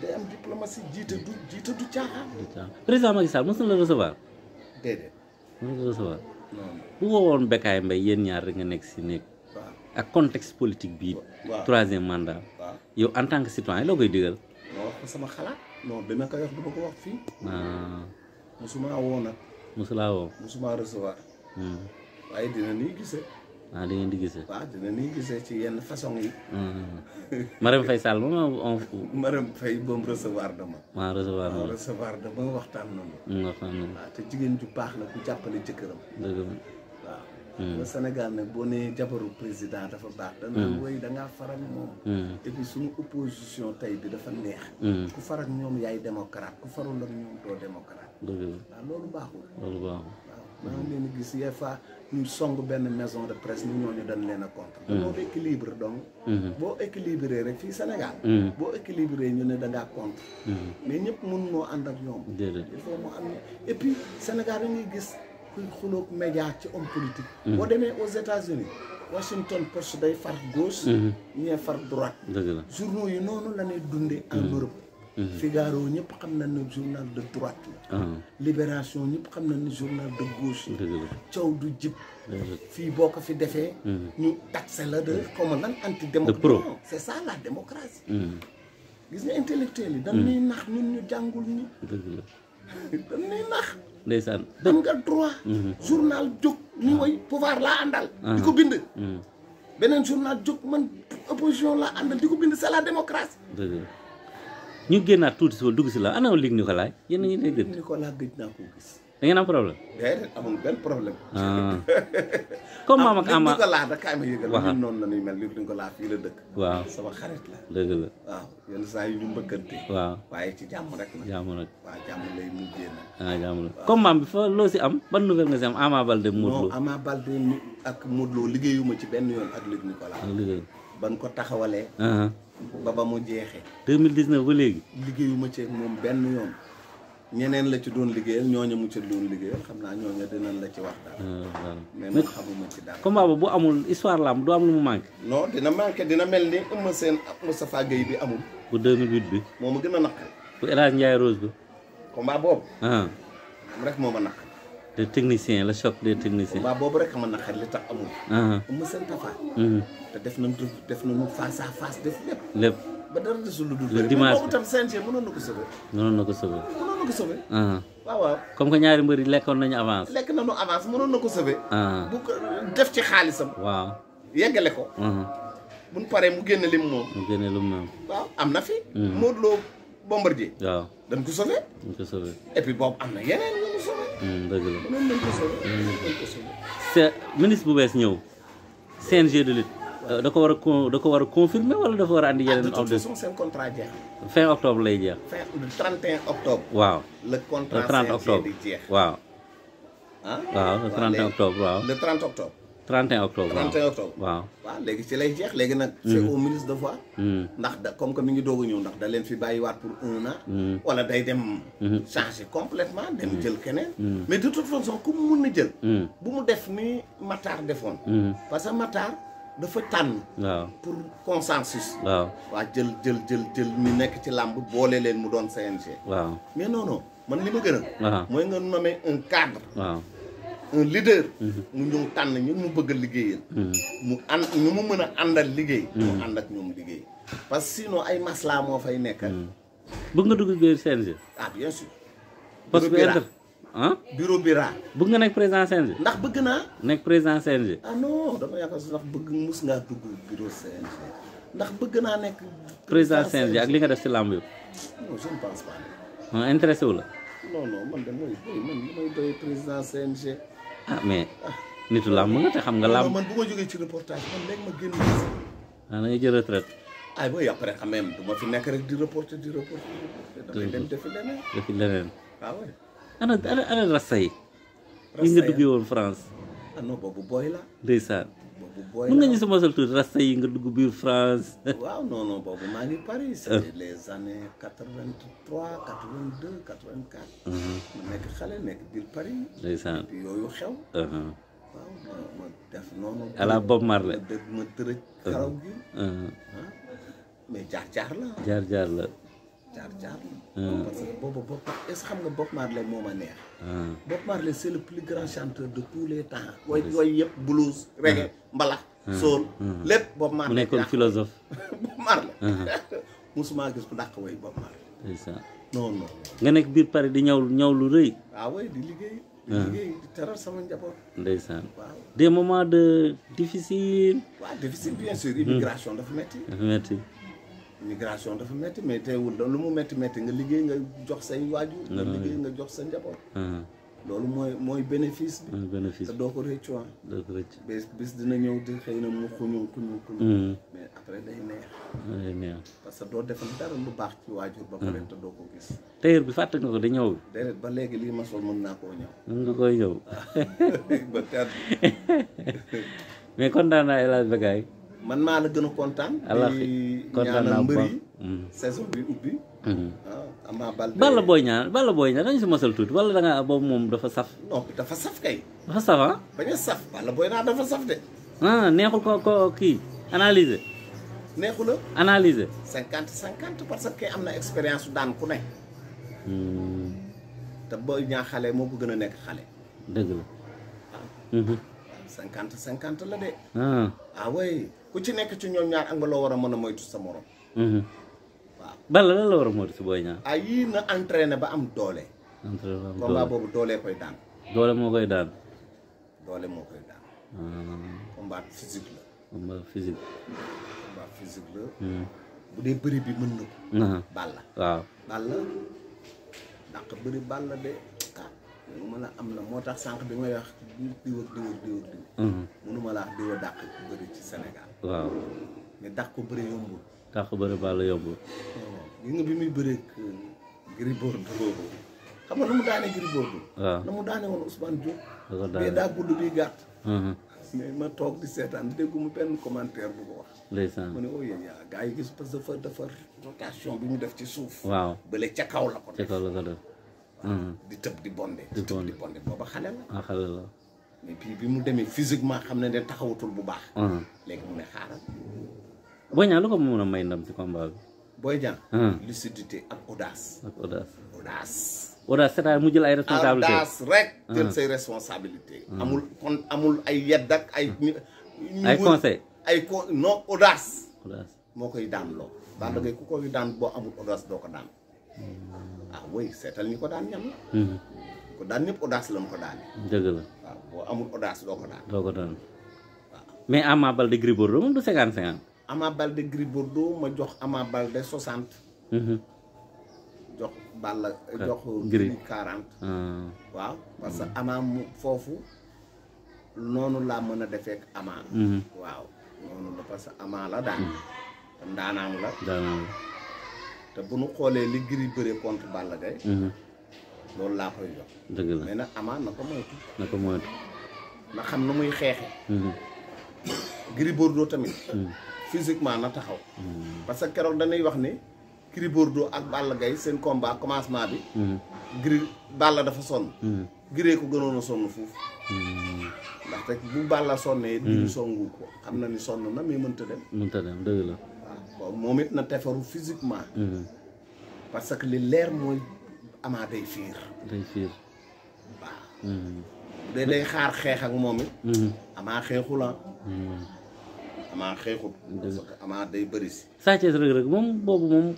day am hmm. diplomatie jiite du jiite du caaxaan. du caaxaan président Macky Sall mos na la recevoir. déedéet. mos na la recevoir. bu woowoon Bécaye Mbaye yéen ñaar rek nga nekk si nekk. ak contexte politique bii. troisième mandat. yow en tant que citoyen koy digal. sama xalaat. non dina koy wax duma ko wax fii. Ah. mosuma woo nag. mosula woo. mosuma recevoir. Hmm. waaye dina nii gisee. ah da ngeen di gisee. waaw ci yenn façon yi. Marème mm-hmm. fay Sall ma on. Marème Faye boom recevoir dama. waaw ah, recevoir ah, recevoir dama waxtaan nañu. Mm, waxtaan nañu ah, te jigéen ju baax la ku jàppale jëkkëram. dëgg la mm. nag boo nee jabaru président dafa baax. Mm. danañ woy da ngaa farak moom. et puis opposition tey bi dafa neex. ku farak ñoom yaay démocrate ku farul ak ñoom doo démocrate. dëgg loolu baaxul. loolu baaxul waaw maa ngi leen gis yee fa. ñu song benn maison de presse ñu ñooñu dañ leen a contre mm. dañoo équilibre donc mm-hmm. boo équilibré rek fii Sénégal mm-hmm. boo équilibré ñu ne da ngaa contre mm-hmm. mais ñëpp mun noo ànd ak ñoom il faut mu am et puis Sénégal dañuy gis kuy xuloog média ci homme politique boo demee aux États-Unis Washington Post day far gos ñee far droite journaux yi noonu la ñuy dunde en Europe Mhm. Figaro ñëpp xam na ne journal de droite la ah. Libération ñëpp xam na ni journal de gauche la coow du jib fii boo ko fi defee mhm. ñu taxe la de xawma mhm. lan anti démocratie c'est ça la démocratie gis nga intellectuel yi dañuy nax ñun ñu jàngul ñi dañuy nax ndeysaan dem nga droit journal jóg ni ah. way pouvoir laa àndal ah. di ko bind beneen journal jóg man opposition laa àndal di ko bind c'est la démocratie ñu génnaat tuuti si wala dugg si la ana Luc Nicolaï yéen a ngi dégg. Luc Nicolaï gëj naa ko gis. da ngeen am problème. déedéet amul benn problème. Ah. comme maam ak ama Luc da kaay ma yëgal. noonu la ñuy mel Luc Nicolaï fii la dëkk. waaw sama xarit la. dëgg la waaw saa yi ñu mbëkkante. waaye ci jàmm rek nag. jàmm nag waaw jàmm lay mujjee nag. ah loo si am ban nouvelle nga si am Ama Baldé Modou Lo. non Ama Baldé liggéeyuma ci benn yoon ak Luc ah, ban ko taxawale ah, ba ba mu jeexee. 2019 ba léegi. liggéeyuma ci ak moom benn yoon. ñeneen la ci doon liggéeyal ñooñu mu ci doon liggéeyal xam naa ñooñu dinañ la ci wax daal. Ah, mais man xamuma ci daal. combat bu amul histoire la am du am lu mu manqué. non dina manqué dina mel ni Eumeu Sène ak Moustapha Gueye bi amul. bu 2008 bi. moo ma gën a naqari. bu El Hadj Ndiaye Rose bi. combat boobu. Ah. rek moo ma naqari. le technicien la choc des techniciens. waaw boobu rek man na xar li tax amul. amul uh-huh. seen tafa. Mm-hmm. te def na def nañu lépp. lépp lu dul. le dimanche boobu tam CNG na ko sauver. Uh-huh. comme que ñaari mbër yi lekkoon nañu avance. lekk nañu avance mënoon na ko sauver. Uh-huh. def ci xaalisam. ko. buñ paree mu génne lim moom. mu génne am na fi. Mm-hmm. Modou Lo Bombardier. waaw dañ ko sauver. dañ ko sauver. et boobu am na yeneen yu ñu sauver. Mm, dëgg la noonu mm. ministre bu bees ñëw CNG de lutte euh, da ko war a da ko war a confirmer wala dafa war a andi yeneen. de fin octobre lay jeex. fin le octobre. waaw le contrat octobre waaw. ah waaw le octobre waaw. octobre. 31 octobre waaw 31 octobre. waaw waaw léegi ci lay jeex léegi nag. c'est hmm. au ministre de voir. Hmm. ndax da comme que mi ngi doog ñëw ndax da leen fi bàyyiwaat pour un an. Hmm. wala day dem. changer complètement dem jël keneen. mais de toute façon ku mu mun na jël. bu mu def ni Matar defoon. parce que Matar dafa tànn. waaw pour consensus. waaw waa jël jël jël jël ñu nekk ci làmb boole leen mu doon CNG. waaw mais non man li ma gënal. mooy nga nommer un cadre. un leader. Mm-hmm. mu ñëw tan mm-hmm. ñu mu bëgg liggéeyal. mu and ñu mu mëna andal liggéey. mu and mm-hmm. ak ñom liggéey. parce que sinon ay masla mo fay nekk. bëgg nga dugg biir CNG. ah bien sûr. parce que inter ah. bureau bira bëgg nga nek président CNG. ndax bëgg na nek président CNG. ah non dama yaaka sax bëgg mus nga dugg bureau CNG ndax bëgg na sih président CNG ak li nga def ci lamb yu non je ne pense pas. intéressé wu la. non non man de mooy man li doy président CNG. ah mais nitu làmb nga te xam nga làmb. man bu ma jógee ci reportage man léegi ma génn. ah na nga jël retraite. ah oui après xam même du ma fi nekk rek di reporter di reporter di reporter damay dem defi leneen. defi leneen. waaw ah, waaw. ana ana ana rasta yi. rasta yi nga duggee ah. woon France. ah non boobu booy la. ndeysaan. boobu booy la mun nga ñu mosal tuuti rasta yi nga dugg biir France. waaw non non boobu maa ngi Paris. Ah. c'était les années quatre vingt trois quatre vingt deux quatre vingt quatre. mu mhm. nekk xale nekk biir Paris. ndeysaan yooyu xew. Uh-huh. waaw ma ma def noonu. ala Bob Marley dëgg ma tërëj. xaraw uh-huh. gi. Uh-huh. Ah. mais jaar jaar la. jaar jaar la. jaar jaar la. Euh. Bob Marley est euh. Bob Marley c'est le plus grand chanteur de tous les temps. Il blues. reggae euh. mbala, soul Bob Marley. comme philosophe. Bob Marley. gis ko way Bob Marley. c'est non non. nga di ah di di des moments de difficile. bien sûr hmm. immigration dafa dafa migration dafa métti mais teewul lu mu métti métti nga liggéey nga jox say waajur nga liggéey nga jox sa njaboot uh-huh. loolu mooy mooy bénéfice bi te doo ko rëccu ah doo ko bis dina ñëw di xëy na uh-huh. mais après day neex day parce que doo defal dara baax ci waajur ba pare uh-huh. te doo ko gis teyër bi fàtte nga ko di ñëw déedéet ba léegi lii ma sol mën naa koo ñëw mën nga koy ñëw ba kat mais kontaan naa El Hadj man ma la gëna contane Allah fi contane na mbëri mm. saison bi ubbi mm-hmm. amma ah, bal bal la boy ñaan bal la boy ñaan dañu mësal tout wala da nga bo mom dafa saf non dafa saf kay dafa saf hein ah? baña saf bal boy na dafa saf de ah neexul ko ko ki analyser neexul analyser 50 50 parce que amna experience dan ku ne hmm. te boy ñaan xalé moko gëna nek xalé deug la 50 ah. 50 mm-hmm. la de ah ah way ku ci nek ci ñoom ñaar nga lo wara mëna moytu sa morom. hmm ba la la wara moytu si boy ñaar. ay ah, na entraîner ba am doole. entraîner ba am doole combat bobu doole koy daan. doole mo koy daan. doole mo koy daan. hmm combat physique la. combat physique. combat physique la. Mhm. bu dé bëri bi mëna mën na ko. Balla. waaw la nak bëri Balla la dé ah, mën am la motax sank bi ngay wax di diw diw ak diw ak diw ak diw. mënuma mhm. laa wax diw a dàq bëri ci Sénégal. waaw mais dàq ko bëre yombul. dàq ko bëre Balla yombul. Oh, gis nga bi muy bëree euh, Gris Bordeaux xam nga nu mu daanee Gris Bordeaux. waaw mu daanee woon Ousmane Diop. da ko daanee daa gudd bii gàtt. Mm-hmm. mais ma toog di seetaan mu benn commentaire bu ko wax. ndeysaan mu ne oo oh, yéen yaa yi gis parce que dafa dafa rotation bi mu def ci suuf. waaw bële ca kaw la ko def la ko def. Mm-hmm. di tëb di bonde. di tëb di bonde booba xale la. Ah, mais puis bi mu demee physiquement xam ne ne taxawatul bu baax. Ah. léegi mu ne xaaral. Boy Niang lu ko mën a may ndam ci combat bi. Boy Niang. Ah. lucidité ak audace. ak audace audace. audace c'est-à-dire mu jël ay responsabilités audace rek. Ah. jël say responsabilités. amul kon amul ay yedd ak ay. ay conseil ay con non audace. audace moo koy daan loo. Balla Gaye ku koy daan boo amul audace doo ko daan. Hmm. ah oui seetal ñi ko daan ñam la. Hmm. ko daan ñëpp audace lañ ko la waaw ko daan. mais Ama Baldé Gris Bordeaux moom du 50 50. ma jox Ama Baldé 60. Mhm. jox jox. Gris 40. Ah. waaw parce que mhm. Ama foofu noonu laa mën a defee mhm. la parce que Ama la daan. ndaanaan la. te bu nu xoolee li Gris bëree contre Balla Gaye. loolu laa koy jox. dëgg la mais na ko moytu. na ko moytu. na xam nu muy xeexe mm-hmm. Gris Bordeaux tamit. Mm. physiquement na taxaw. Mm. parce que keroog dañuy wax ne. Gris ak Balla Gaye seen combat commencement bi. Mm-hmm. Gris Balla dafa sonn. Mm-hmm. Gris ko gënoon a sonn foofu. ndaxte bu la sonnee. Gris songu ko xam na ni sonn na mais mënta dem. mënta dem dëgg la. waaw moom it na tefaru physiquement. parce que li leer mooy. amaa day fiir day fiir suis de day xaar xeex ak moom it mm-hmm. amaa xeexul ah mm-hmm. amaa xeexul amaa day bëri si je suis un Reug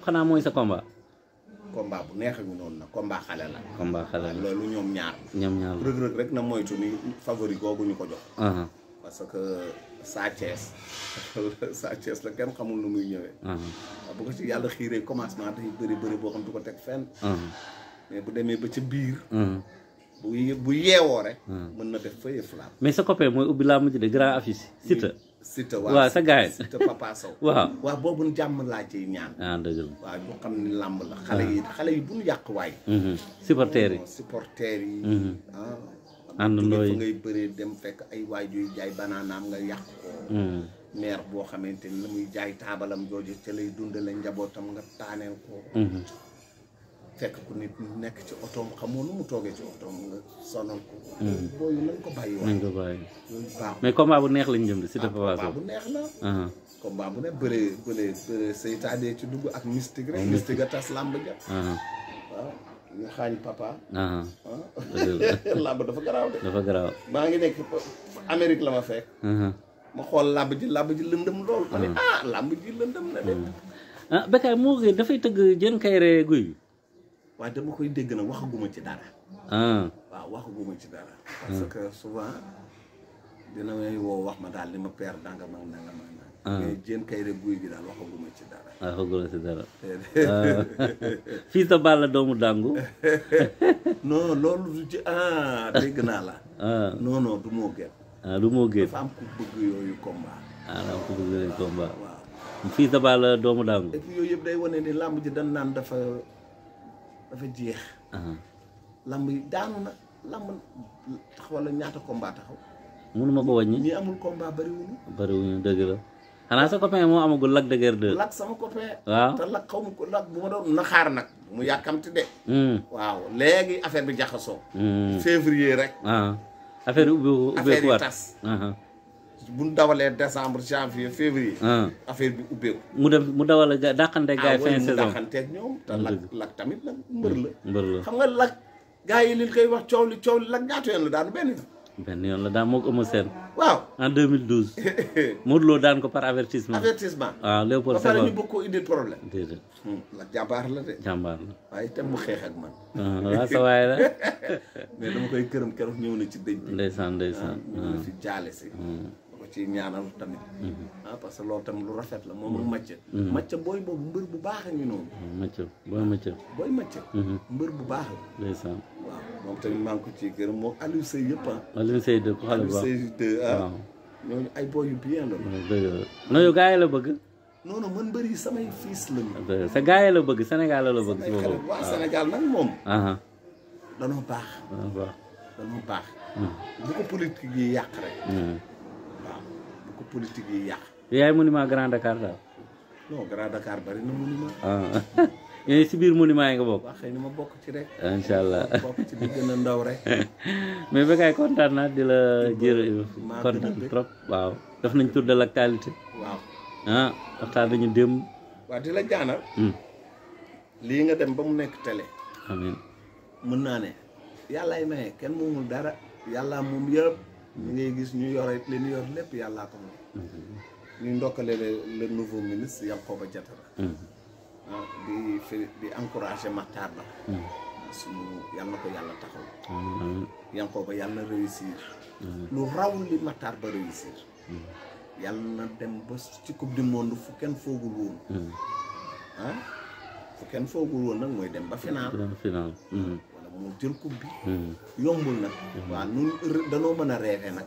plus sa combat combat bu neex ak noonu na combat je la combat xale la loolu ñoom ñaar ñoom ñaar Reug Reug rek na moytu ni favori googu je suis un parce que Sa la xamul nu muy uh-huh. bu mais bu demee ba ca biir. Hmm. bu bu yeewoo rek. Hmm. mën na def fa yëf laam. mais sa copain mooy ubbi laa mujj de grand affiche Siteu. Siteu waaw waaw sa gars yi Siteu Papa boobu jàmm laa ciy ñaan. ah dëgg la waaw xam ne làmb la. Ah. xale yi xale yi bu ñu yàq waay. Hmm. supporters yi supporters yi. ah. yi ngay bëree dem fekk ay waaju yu jaay banaanaam nga yàq ko. maire boo xamante ni la muy jaay taabalam jooju ca lay dund dundale njabootam nga taaneel ko. fekk ku nit nekk ci otoom xamoo nu mu toogee ci otoom nga sonal ko. Mm-hmm. booyu nañ ko bàyyi waay. mais combat bu neex lañ jëm de si dafa waaw combat bu neex la. Uh-huh. combat bu ne bëree bëree bëree ci dugg ak mystique rek. mystique a tas làmb ja. Uh-huh. Ah, xaañ papa. Uh-huh. Ah. làmb dafa garaaw de. dafa garaaw maa ngi nekk Amérique la ma fekk. ma xool làmb ji làmb ji lëndëm lool. ma ne ah làmb ji lëndëm na de. ah Bécaye moo dafay tëgg Diène Kaïré Gouy waaye dama koy dégg na waxaguma ci dara. Ah. waaw waxaguma ci dara. parce que souvent dina may woo wax ma daal ni ma père danga ma nanga ma. Ah. mais jën kay rek guy gi daal waxaguma ci dara. waxaguma ci dara. Ah. fii sa Balla doomu dàngu. non loolu ci ah dégg naa la. non non du moo gën. ah du moo gën dafa am ku bëgg yooyu combat. ah dafa am ku bëgg yooyu combat. waaw fii sa Balla doomu dàngu. et puis yooyu yëpp day wane ni làmb ji dañ naan dafa. dafa jeex. lamb yi daanu na lamb wala ñaata komba taxaw. mënuma ko wàññi ñi amul combat bariwuñu. bariwuñu dëgg la xanaa sa copain moo amagul Lac de Guiers 2. Lac sama copain. waaw te xaw ma ko Lac bu ma doon naxaar nag mu yàkkamti de. Hmm. waaw léegi affaire bi jaxasoo. Hmm. février rek. Ah. affaire yi ubbi ubbi ko bu ñu dawalee décembre janvier février. Ah. affaire bi ubbeeku. mu dem mu dawal dàqante gaay ah, fin saison ah dàqanteeg ñoom. te lak lak tamit nag mbër la. mbër la xam nga lak gars yi liñ koy wax coow li coow li lak ñaata yoon la daanu benn yoon. benn yoon la daan moo ko Eumeu Sène. waaw en 2012. Modou Lo daan ko par avertissement. avertissement waaw ah, Léopold Senghor ba pare ñu bëgg koo indil problème. déedéet. Hmm, la jàmbaar la de. jàmbaar la waaye itam mu xeex ak man. waaw sa waay la. mais dama koy këram keroog ñëw na ci dëj bi. ndeysaan ndeysaan. ñu ngi fi jaale si. ci ñaanal tamit mhm. ah parce que loolu tamit lu rafet la moom ak macca mhm. macca mhm. booy boobu mbër bu baax a noonu macca booy macca booy macca mbër bu baax la ndeysaan waaw moom tamit maa ngi ko moom Aliou Seye baax ah. ah. ay booy yu bien la dëgg la yow gars yi la bëgg non sa gars la bëgg Sénégal la bëgg si boppam baax uh-huh. danoo baax baax mm. ko politique yi yàq. yaay monument Grand Dakar daal. non Grand Dakar bari na monument. ah si biir monument yi nga bokk. waaw na ma bokk ci rek. incha allah bokk ci bi a ndaw rek. mais Bécaye kontaan naa di la jërëjëf. kontaan trop waaw. def nañ tour de l'actualité. waaw ah waxtaan nañu démb. la jaanal. Hmm. dem ba mu nekk télé. amiin naa ne. yàllaay maye kenn moomul dara. ñu ndokkale le nouveau ministre Yankhoba Diattara mm-hmm. ah, di di encouragé Matar la mm-hmm. suñu yàlla na ko yàlla taxaw Yankhoba yàlla na réussir lu raw li Matar Ba réussir mm-hmm. yàlla na dem ba ci coupe du monde fu kenn foogul woon ah? fu kenn foogul woon nag mooy dem ba final final wala moo jël coupe bi yombul nag waaw nun danoo mën a rêvé nag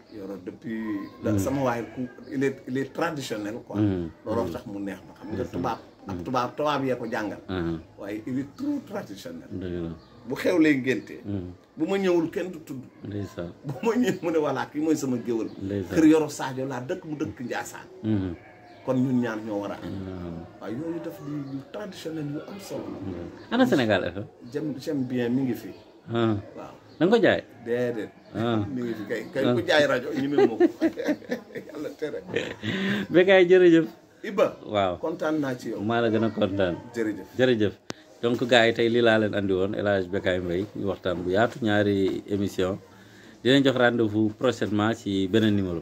yoro depuis hmm. sama waay ku il est il est traditionnel quoi hmm. looloo tax hmm. mu neex ma xam nga tubaab ak tubaab tubaab yee ko jàngal waaye il est trop traditionnel bu xew lay ngénte bu ma ñëwul kenn du tudd ndeysaan bu ma ñëw mu ne voilà kii mooy sama géwal kër yoro Sadio laa dëkk mu dëkk Njaasaan kon ñun ñaan ñoo war a am waaye yooyu daf yu traditionnel yu am solo la ana mi ngi fi Ah. mi ngi rajo ñu ne ma jërëjëf. Iba waaw kontaan naa ci yow. maa la gën a kontaan. jërëjëf donc gars yi tey lii laa leen andi woon El Hadj Bécaye Mbaye ñu waxtaan bu yaatu ñaari émission dinañ jox rendez-vous prochainement ci beneen numéro.